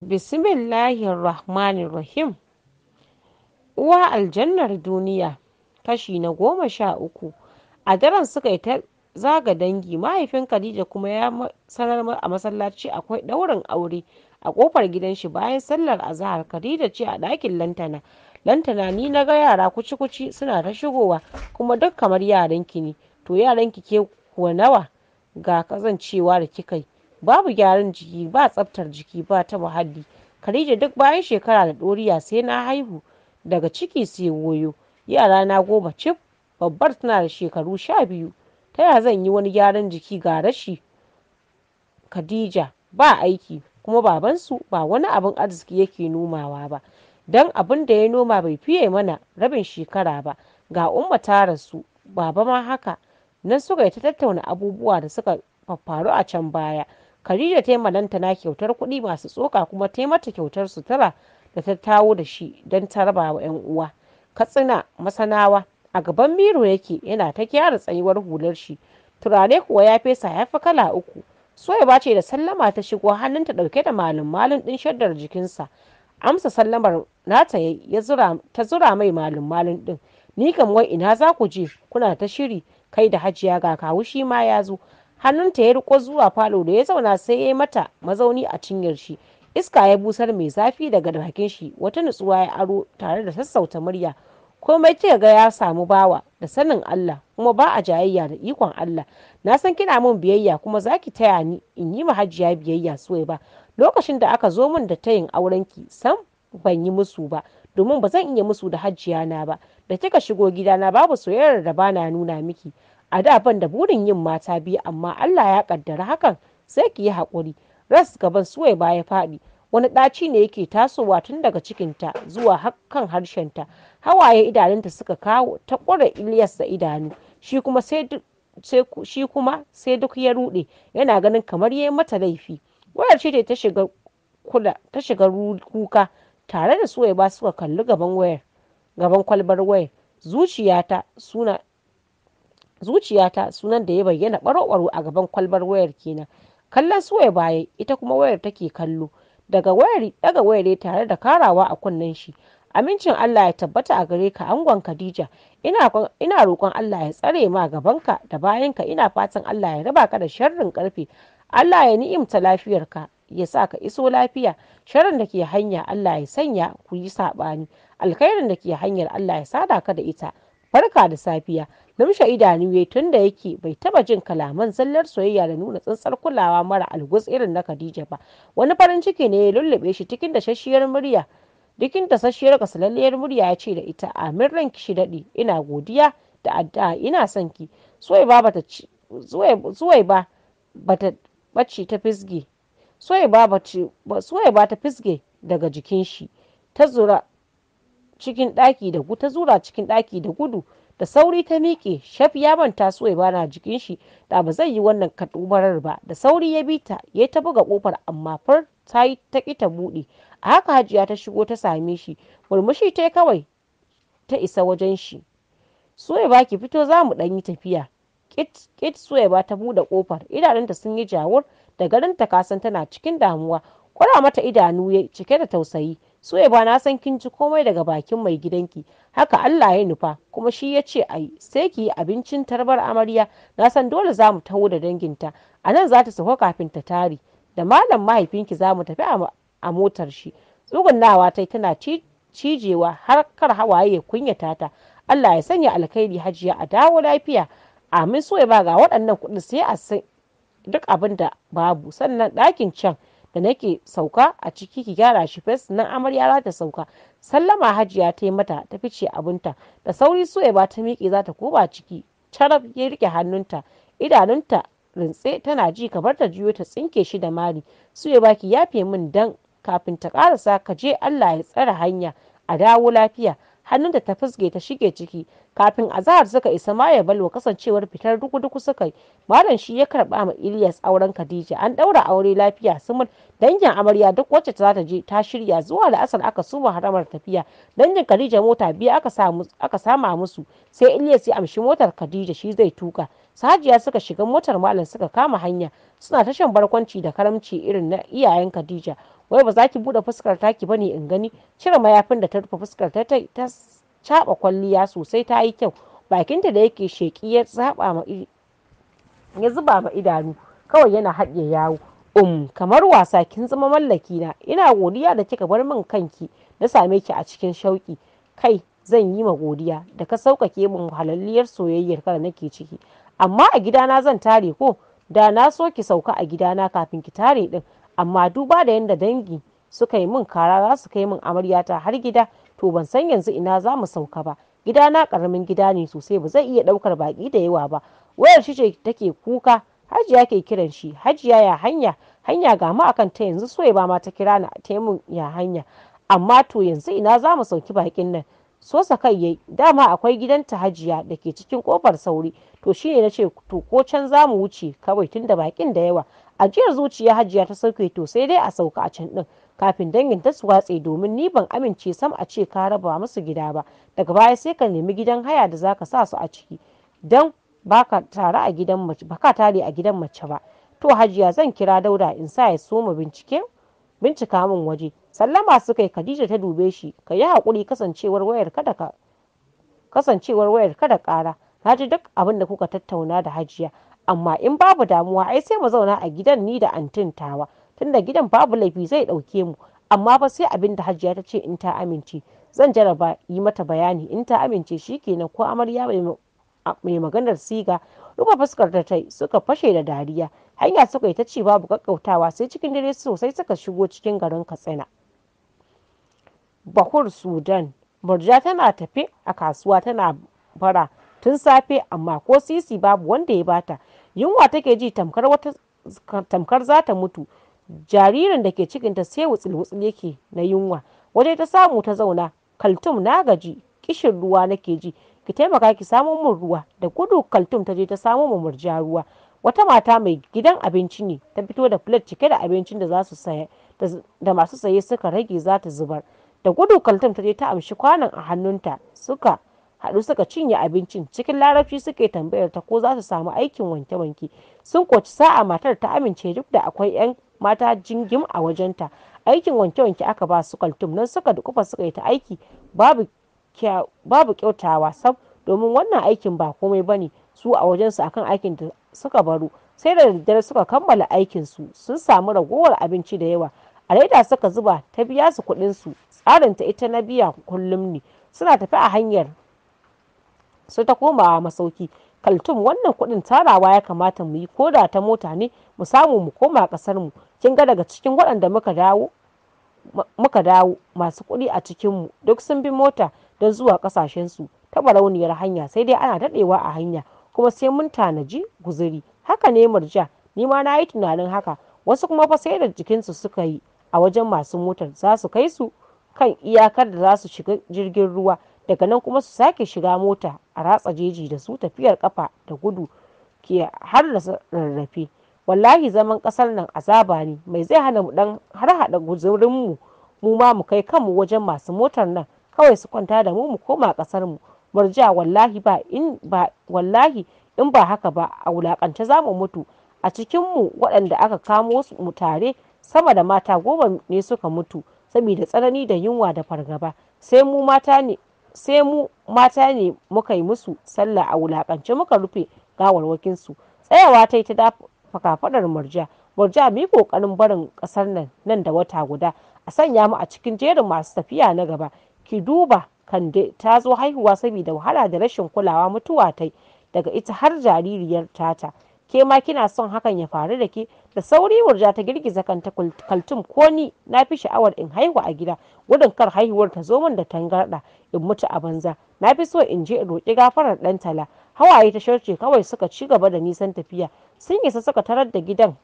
rahim Uwa aljannar duniya kashi na goma sha uku A daren suka yi ta zaga dangi, mahaifin Khadija kuma ya sanar a masallaci akwai ɗaurin aure a ƙofar gidan shi bayan sallar azahar, Khadija ce a ɗakin lantana. Lantana ni na ga yara kuci-kuci suna ta shigowa kuma duk kamar yaranki ne, to yaranki ke kuwa nawa? Ga kazancewa da kika Babu gyaran jiki, ba tsaftar jiki, ba ta muhalli. Khadija duk bayan shekara da ɗoriya sai na haihu daga ciki sai goyo. na goma cif, babbar suna da shekaru sha biyu. Ta ya zan yi wani gyaran jiki ga rashi? Khadija ba aiki kuma babansu ba wani abin arziki yake nomawa ba. Don abin da ya noma bai fiye mana rabin shekara ba. Ga umma ta rasu, baba ma haka. Nan suka yi ta tattauna abubuwa da suka faru a can baya. Khadija ta yi mananta na kyautar kuɗi masu tsoka kuma ta yi mata kyautar sutura da ta tawo da shi don ta raba wa 'yan uwa. Katsina Masanawa a gaban miro yake yana ta gyara tsayuwar hular shi, turare kuwa ya fesa ya fi kala uku. Suwaiba ce da sallama ta shigo hannun ta ɗauke da malin malin ɗin shaddar jikinsa. Amsa sallamar nata ya ta zura mai malin malin ɗin. Ni kam wai ina za ku je kuna ta shiri kai da hajiya ga kawu shi ma ya zo. hannunta ya riko zuwa falo da ya zauna sai ya yi mata mazauni a cinyar shi iska ya busar mai zafi daga bakin shi wata nutsuwa ya aro tare da sassauta murya komai kika ga ya samu bawa da sanin Allah kuma ba a jayayya da ikon Allah na san kina mun biyayya kuma zaki taya ni in yi ma hajiya biyayya soyayya ba lokacin da aka zo min da tayin aurenki san ban yi musu ba domin ba zan iya musu da hajjiya na ba da kika shigo gidana babu soyayyar da bana nuna miki A da ban da burin yin mata biyu amma Allah ya ƙaddari hakan sai ki yi haƙuri. Ras gaban Suwaiba ya faɗi, wani ɗaci ne yake tasowa tun daga cikinta zuwa kan harshenta. Hawaye idanunta suka kawo ta ƙure Ilyas da idanu, shi kuma sai duk ya ruɗe yana ganin kamar ya mata laifi wayar ce ta shiga ta shiga kuka tare da Suwaiba suka kalli gaban wayar gaban kwalbar wayar zuciyata suna zuciyata sunan da ya bayyana barobaro a gaban kwalbar wayar kenan kallon suwai baya ita kuma wayar take kallo daga wayar daga wayar tare da karawa a kunnen shi amincin Allah ya tabbata a gare ka angon Khadija ina ina roƙon Allah ya tsare ma gabanka da bayan ka ina fatan Allah ya raba ka da sharrin karfe Allah ya ni'imta lafiyar ka ya sa ka iso lafiya sharrin da ke hanya Allah ya sanya ku yi saɓani alkhairin da ke hanyar Allah ya sada ka da ita Barka da safiya, namsha idanu ya tun tunda yake bai taɓa jin kalaman zallar soyayya da nuna tsantsar kulawa mara algus irin na Khadija ba. Wani farin ciki ne ya lullube shi cikin shashiyar murya. Cikin kasalalliyar murya ya ce da ita, "Amin ranki shi daɗi ina godiya da addu'a ina son ki." ba bata ba bata bace ta fisge. ba ta fisge daga jikin shi. Ta zura cikin ɗaki da ta zura cikin ɗaki da gudu da sauri ta miƙe shaf ya manta su ya na jikin shi da ba zai yi wannan kadubarar ba da sauri ya bi ta ya ta buga kofar amma far ta yi ta ki ta buɗe a haka hajiya ta shigo ta same shi murmushi ta kawai ta isa wajen shi suwaiba ki fito za mu ɗan yi tafiya kit kit suwaiba ta buɗe kofar idanunta sun yi jawur da garin kasan tana cikin damuwa kwara mata idanu ya cike da tausayi Suwaiba na san kin ji komai daga bakin mai gidanki, haka Allah ya nufa kuma shi ya ce a sai ki abincin tarbar amarya, na san dole za mu taho da danginta, a nan za ta sauka kafin ta tari da malam mahaifinki za mu tafi a motar shi. Tsugunnawa ta tana cijewa har kar hawaye ya kunyata ta, Allah ya sanya alkhairi hajiya a dawo lafiya. Amin Suwaiba ga waɗannan kuɗin sai a duk abinda da babu sannan ɗakin can da nake sauka a ciki ki gyara shi fes nan amarya za ta sauka sallama hajiya ta yi mata ta fice abinta da sauri suya ba ta miƙe za ta koba ciki carab ya rike hannunta idanunta rintse tana ji kamar ta juyo ta tsinke shi da mari suya ba ki yafe min dan kafin ta karasa ka je Allah ya tsare hanya a dawo lafiya Hannun da ta fusge ta shige ciki kafin a zahar suka isa ma maya balwa kasancewar fitar duku-duku suka yi malam shi ya karɓa ma Ilyas auren Khadija an ɗaura aure lafiya sumul dangin amarya duk wacce ta zata je ta shirya zuwa da la'asar aka suma haramar tafiya dangin Khadija mota biyu aka sama musu sai Ilyas ya amshi motar Khadija shi zai tuka Sajiya suka shiga motar malam suka kama hanya suna ta barkwanci da karamci irin na iyayen Khadija wai ba za ki buɗe fuskar taki bane in gani cire mayafin da ta rufe fuskar ta ta caɓa kwalliya sosai ta yi kyau bakinta da yake sheki ya ma ya zuba ma idanu kawai yana haɗe yawo um kamar wasa kin zama mallaki na ina godiya da kika bar min kanki na same ki a cikin shauƙi kai zan yi ma godiya da ka sauƙaƙe min halalliyar soyayyar kada nake ciki amma a gidana zan tare ko da na so ki sauka a gidana kafin ki tare din amma duba da yadda dangi suka yi min kara za su kai min amaryata har gida to ban san yanzu ina za mu sauka ba gida na karamin gida ne sosai ba zai iya daukar baki da yawa ba wayar shi ce take kuka hajiya ke kiran shi hajiya ya hanya hanya ga mu akan ta yanzu soya ba ma ta kira na mun ya hanya amma to yanzu ina za mu sauki bakin nan sosa kai yayi dama akwai gidan ta hajiya da ke cikin kofar sauri to shine na ce to ko can za mu wuce kawai tun da bakin da yawa ajiyar zuciya hajiya ta sauke to sai dai a sauka a can din kafin dangin ta su watse domin ni ban amince sam a ce ka raba musu gida ba daga baya sai ka nemi gidan haya da zaka sa su a ciki dan baka tare a gidan mace baka tare a gidan mace ba to hajiya zan kira dauda in sa ya soma bincike bincika min waje sallama su kai khadija ta dube shi ka yi hakuri kasancewar wayar da ka kasancewar wayar kada kara na ji duk abin da kuka tattauna da hajiya amma in babu damuwa ai sai mu zauna a gidan ni da antin tawa tunda gidan babu laifi zai ɗauke mu amma fa sai abin da hajiya ta ce in ta amince zan jaraba yi mata bayani in ta amince shi kenan ko amarya mai maganar siga rufe fuskar da ta suka fashe da dariya hanya suka yi ta ce babu kakkautawa sai cikin dare sosai suka shigo cikin garin katsina bahur sudan murja tana tafe a kasuwa tana bara tun safe amma ko sisi babu wanda ya bata yunwa take ji tamkar wata tamkar za ta mutu jaririn da ke cikin ta sai wutsil wutsul yake na yunwa waje ta samu ta zauna kaltum na gaji kishin ruwa nake ji ki taimaka ki samo mun ruwa da gudu kaltum ta je ta samo mu murja ruwa wata mata mai gidan abinci ne ta fito da plate cike da abincin da za su saya da masu saye suka rage za ta zubar da gudu kaltum ta je ta amshi kwanon a hannunta suka haɗu suka cinye abincin cikin larabci suke tambayar ta ko za su samu aikin wanke-wanke sun koci sa'a matar ta amince duk da akwai 'yan mata jingim a wajenta aikin wanke-wanke aka ba su kaltum nan suka dukufa suka yi ta aiki babu kyautawa sab domin wannan aikin ba komai bane su a wajensu akan aikin da suka baro sai da daddare suka kammala aikin su sun samu ragowar abinci da yawa a laida suka zuba ta biya su kuɗin su tsarin ta ita na biya kullum ne suna tafi a hanyar sai ta komawa masauki kaltum wannan kudin tarawa ya kamata mu yi ko da ta mota ne mu samu mu koma ƙasar mu kin ga daga cikin waɗanda muka dawo muka dawo masu kuɗi a cikin mu duk sun bi mota don zuwa kasashen su ta barauniyar hanya sai dai ana daɗewa a hanya kuma sai mun tanaji guzuri haka ne murja ni ma na yi tunanin haka wasu kuma fa sai da jikinsu suka yi a wajen masu motar za su kai su kan iyakar da za su shiga jirgin ruwa daga nan kuma su sake shiga mota a ratsa jeji da su tafiyar kafa da gudu ke har da rarrafe wallahi zaman kasar nan azaba ne mai zai hana mu dan har hada guzurin mu mu ma mu kai kanmu wajen masu motar nan kawai su kwanta da mu mu koma kasar mu murja wallahi ba in ba wallahi in ba haka ba a wulakance za mu mutu a cikin mu waɗanda aka kamo mu tare sama da mata goma ne suka mutu saboda tsanani da yunwa da fargaba sai mu mata ne sai mu mata ne muka yi musu sallah a wulakance muka rufe gawarwakinsu tsayawa ta yi ta dafa kafaɗar murja murja mu yi ƙoƙarin barin ƙasar nan nan da wata guda a sanya mu a cikin jerin masu tafiya na gaba ki duba kande ta zo haihuwa saboda wahala da rashin kulawa mutuwa ta daga ita har jaririyar tata ke ma kina son hakan ya faru da ke da sauri wurja ta girgiza kanta kaltum ko ni na fi sha'awar in haihu a gida gudun kar haihuwar ta zo min da tangarda in mutu a banza na fi so in je in roƙi gafarar ɗan tala hawaye ta sharce kawai suka ci gaba da nisan tafiya sun isa suka tarar da gidan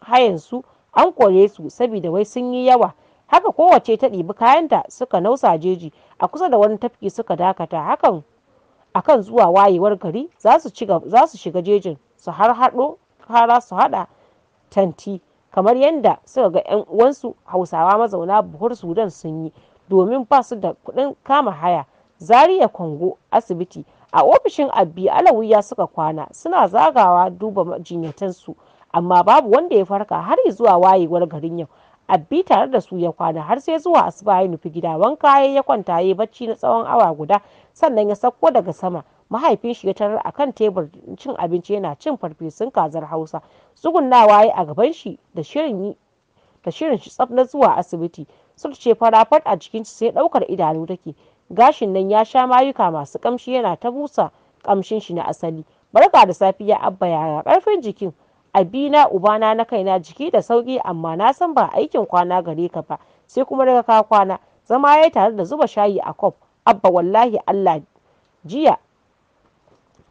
hayansu an kore su saboda wai sun yi yawa haka kowace ta ɗibi kayanta suka nausa jeji a kusa da wani tafki suka dakata hakan akan zuwa wayewar gari za su shiga jejin su har haɗo kara su haɗa tanti kamar yadda suka ga 'yan uwansu hausawa mazauna buhur sudan sun yi domin ba su da kuɗin kama haya zaria kwango asibiti a ofishin abbi alawiya suka kwana suna zagawa duba majinyatansu amma babu wanda ya farka har zuwa wayewar garin yau abbi tare da su ya kwana har sai zuwa asuba ya nufi gida wanka ya kwanta ya bacci na tsawon awa guda sannan ya sauko daga sama mahaifin shi ya tarar a kan tebur cin abinci yana cin farfesun kazar hausa tsugunnawa ya a gaban shi da shirin shi tsaf na zuwa asibiti sun ce farafat a jikin sai daukar idanu take gashin nan ya sha mayuka masu kamshi yana ta busa kamshin shi na asali barka da safiya abba yaya karfin jikin abina ubana na kaina jiki da sauki amma na san ba aikin kwana gare ka ba sai kuma daga ka kwana zama ya tare da zuba shayi a kof abba wallahi allah jiya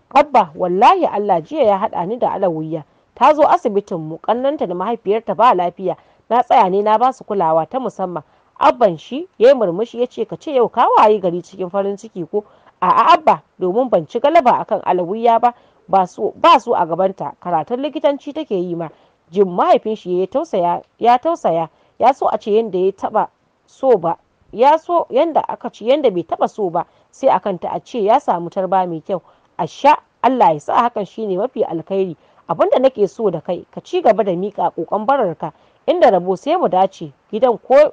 Abba wallahi Allah jiya ya haɗa ni da Alawiya ta zo asibitin mu kannanta da mahaifiyarta ba lafiya na tsaya ne na basu kulawa ta musamman abban shi ya yi murmushi ya ce ka ce yau ka waye gari cikin farin ciki ko a'a abba domin ban ci galaba akan alawiya ba ba su a gabanta karatun likitanci take yi ma jin mahaifin shi ya tausaya ya so a ce yadda ya taba so ba ya so yanda aka ce yanda bai taba so ba sai akan ta a ce ya samu tarba mai kyau a sha Allah ya sa hakan shine mafi alkhairi abinda nake so da kai ka ci gaba da mika ƙoƙon bararka inda rabo sai mu dace gidan ko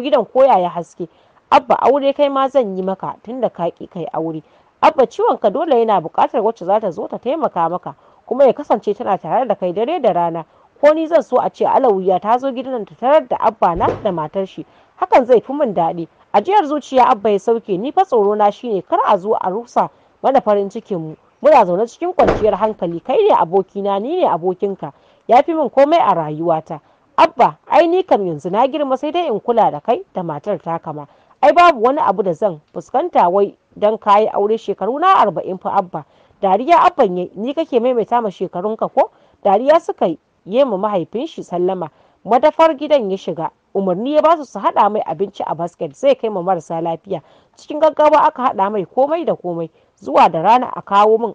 gidan koya ya haske abba aure kai ma zan yi maka tunda ka ki kai aure abba ciwon ka dole yana buƙatar wacce za ta zo ta taimaka maka kuma ya kasance tana tare da kai dare da rana ko ni zan so a ce alawiya ta zo gidan ta tarar da abba na da matar shi hakan zai fi min daɗi ajiyar zuciya abba ya sauke ni fa tsoro na shine kar a zo a rusa mana farin cikin mu muna zaune cikin kwanciyar hankali kai ne abokina ni ne abokinka ya fi min komai a rayuwata abba ai ni kam yanzu na girma sai dai in kula da kai da matar ta kama ai babu wani abu da zan fuskanta wai don kayi aure shekaru na arba'in fa abba dariya abban yayi ni kake maimaita ma shekarun ka ko dariya suka yi ma mahaifin shi sallama madafar gidan ya shiga umarni ya basu su haɗa mai abinci a basket zai kai ma marasa lafiya cikin gaggawa aka haɗa mai komai da komai zuwa da rana a kawo min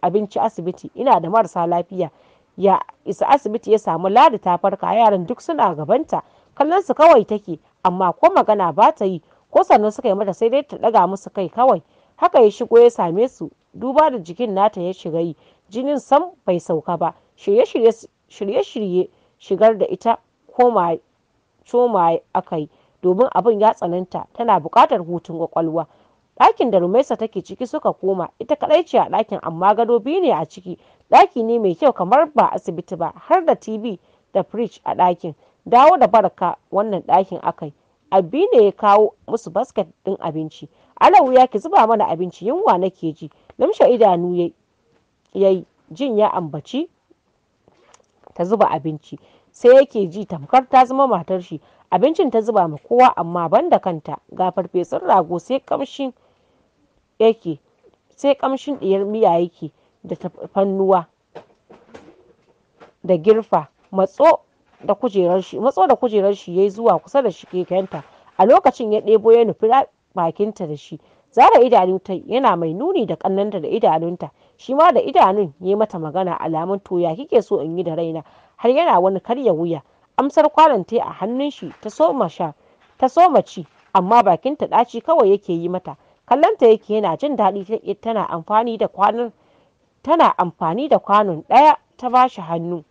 abinci asibiti ina da marasa lafiya ya isa asibiti ya samu ladi ta farka yaran duk suna gabanta kallon su kawai take amma ko magana ba ta yi ko sannan suka yi mata sai dai ta daga musu kai kawai haka ya shigo ya same su duba da jikin nata ya shiga yi jinin sam bai sauka ba shirye-shirye shigar da ita koma coma aka yi domin abin ya tsananta tana bukatar hutun kwakwalwa ɗakin da rumaisa take ciki suka koma ita kaɗai ce a ɗakin amma gado biyu ne a ciki ɗaki ne mai kyau kamar ba asibiti ba har da tv da fridge a ɗakin dawo da baraka wannan ɗakin akai abi ne ya kawo musu basket ɗin abinci alawu ya ki zuba mana abinci yunwa nake ji lamshe idanu ya yi jin ya ambaci ta zuba abinci sai yake ji tamkar ta zama matar shi abincin ta zuba ma kowa amma ban da kanta ga farfesun rago sai kamshin yake sai kamshin ɗiyar miya yake da tafannuwa da girfa matso da kujerar shi matso da kujerar shi yayi zuwa kusa da shi kekenta a lokacin ya ɗebo ya nufi bakinta da shi zara idanunta yana mai nuni da kannanta da idanunta shi ma da idanun ya mata magana alamun toya kike so in yi da raina har yana wani karya wuya amsar ta a hannun shi ta soma sha ta soma ci amma bakinta ɗaci kawai yake yi mata kallonta yake yana jin daɗi tana amfani da kwanon tana amfani da kwanon ɗaya ta bashi hannu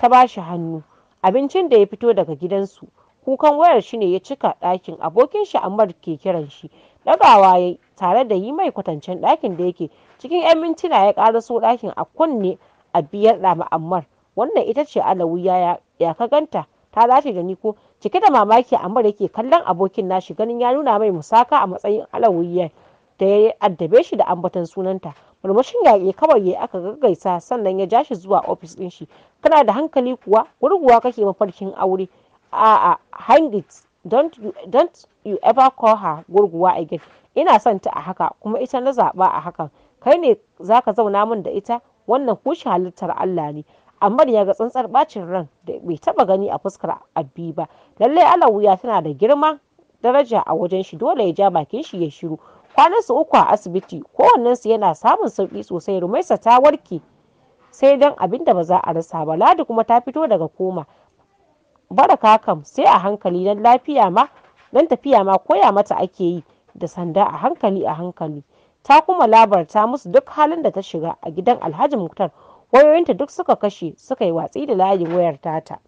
ta bashi hannu abincin da ya fito daga gidansu kukan wayar shi ne ya cika ɗakin abokin shi Ammar ke kiran shi ɗagawa ya tare da yi mai kwatancen ɗakin da yake cikin 'yan mintuna ya ƙara so ɗakin a kunne a biyar ɗama Ammar wannan ita ce alawiya ya ka ganta ta dace da ni ko cike da mamaki amma da yake kallon abokin nashi ganin ya nuna mai musaka a matsayin alawiyyan da ya addabe shi da ambaton sunanta murmushin yaƙi kawai ya aka gaggaisa sannan ya ja shi zuwa ofis ɗin shi kana da hankali kuwa gurguwa kake mafarkin aure a hang it don't you, don't ever call her gurguwa again ina son ta a haka kuma ita na zaɓa a hakan kai ne zaka zauna min da ita wannan kushe halittar Allah ne amma ya ga tsantsar bacin ran da bai taba gani a fuskar abi ba. Lallai wuya tana da girma daraja a wajen shi dole ya ja bakin shi ya shiru. kwanan su uku a asibiti su yana samun sauki sosai Rumaisa ta warke sai dan abin da ba za a rasa ba Ladi kuma ta fito daga koma. Baraka kam sai a hankali dan lafiya ma dan tafiya ma koya mata ake yi da sanda a hankali a hankali. Ta kuma labarta musu duk halin da ta shiga a gidan Alhaji Muktar wayoyinta duk suka kashe suka yi watsi da layin wayar tata